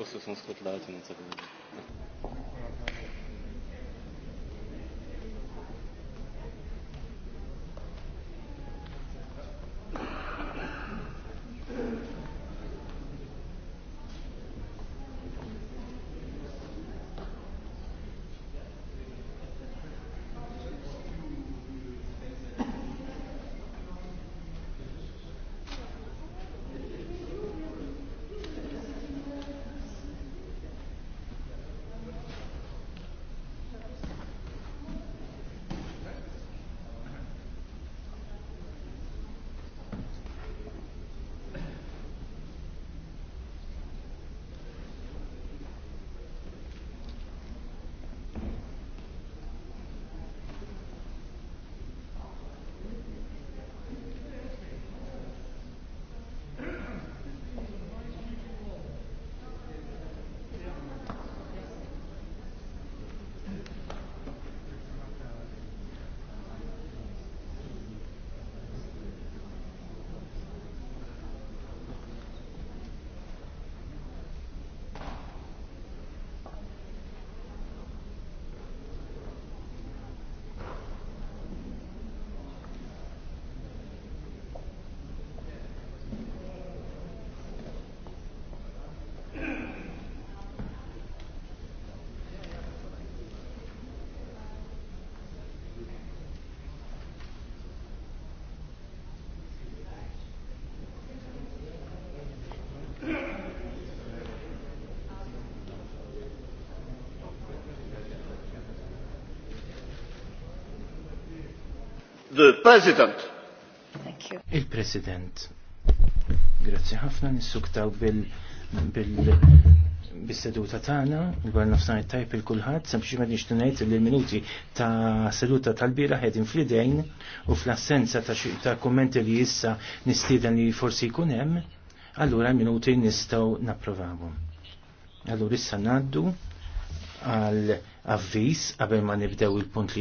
u s-sun skotlatin. The President. Thank you. Il-President. Grazzi ħafna nissuktaw bil bil bis-seduta tagħna dwar nafsan it-tajb il kulħadd sempliċi ma nixtu ngħid li l-minuti ta' seduta tal-bira ħedin fl-idejn u fl-assenza ta', ta kummenti li issa nistieden li forsi jkun hemm, allura l minuti nistgħu napprovawhom. Allura issa ngħaddu għal avviż qabel ma nibdew il-punt li